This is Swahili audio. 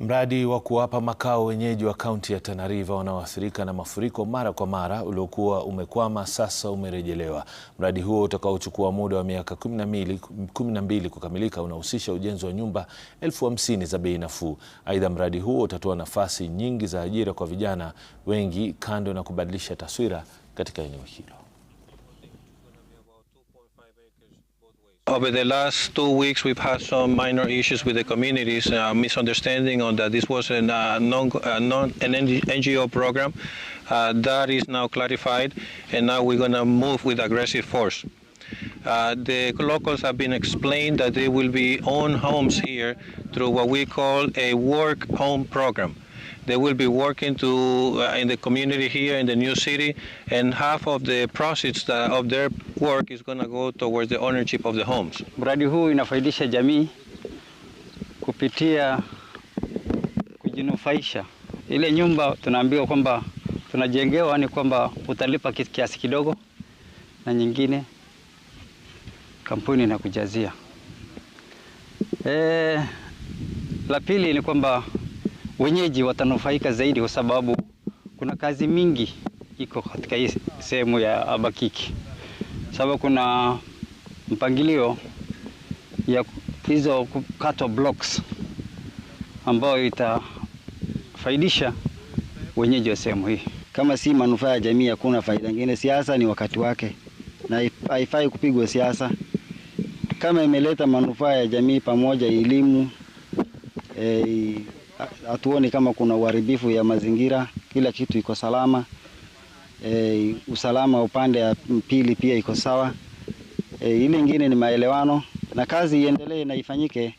Mradi wa kuwapa makao wenyeji wa kaunti ya Tana River wanaoathirika na mafuriko mara kwa mara uliokuwa umekwama sasa umerejelewa. Mradi huo utakaochukua muda wa miaka kumi na mbili kukamilika unahusisha ujenzi wa nyumba elfu hamsini za bei nafuu. Aidha, mradi huo utatoa nafasi nyingi za ajira kwa vijana wengi, kando na kubadilisha taswira katika eneo hilo. Over the last two weeks, we've had some minor issues with the communities, uh, misunderstanding on that this was an, uh, non, uh, non, an NGO program. Uh, that is now clarified, and now we're going to move with aggressive force. Uh, the locals have been explained that they will be own homes here through what we call a work home program. They will be working to uh, in the community here in the new city, and half of the proceeds of their work is going to go towards the ownership of the homes. Mradi huu inafaidisha jamii kupitia kujinufaisha. Ile nyumba tunaambiwa kwamba tunajengewa ni kwamba utalipa kiasi kidogo, na nyingine kampuni inakujazia. E, eh, la pili ni kwamba wenyeji watanufaika zaidi, kwa sababu kuna kazi mingi iko katika hii sehemu ya Abakiki, sababu kuna mpangilio ya hizo kukatwa blocks ambayo itafaidisha wenyeji wa sehemu hii. Kama si manufaa ya jamii, hakuna faida nyingine. Siasa ni wakati wake na haifai kupigwa siasa. Kama imeleta manufaa ya jamii pamoja elimu, eh, hatuoni kama kuna uharibifu ya mazingira, kila kitu iko salama. E, usalama wa upande ya pili pia iko sawa. E, ile ingine ni maelewano na kazi iendelee na ifanyike.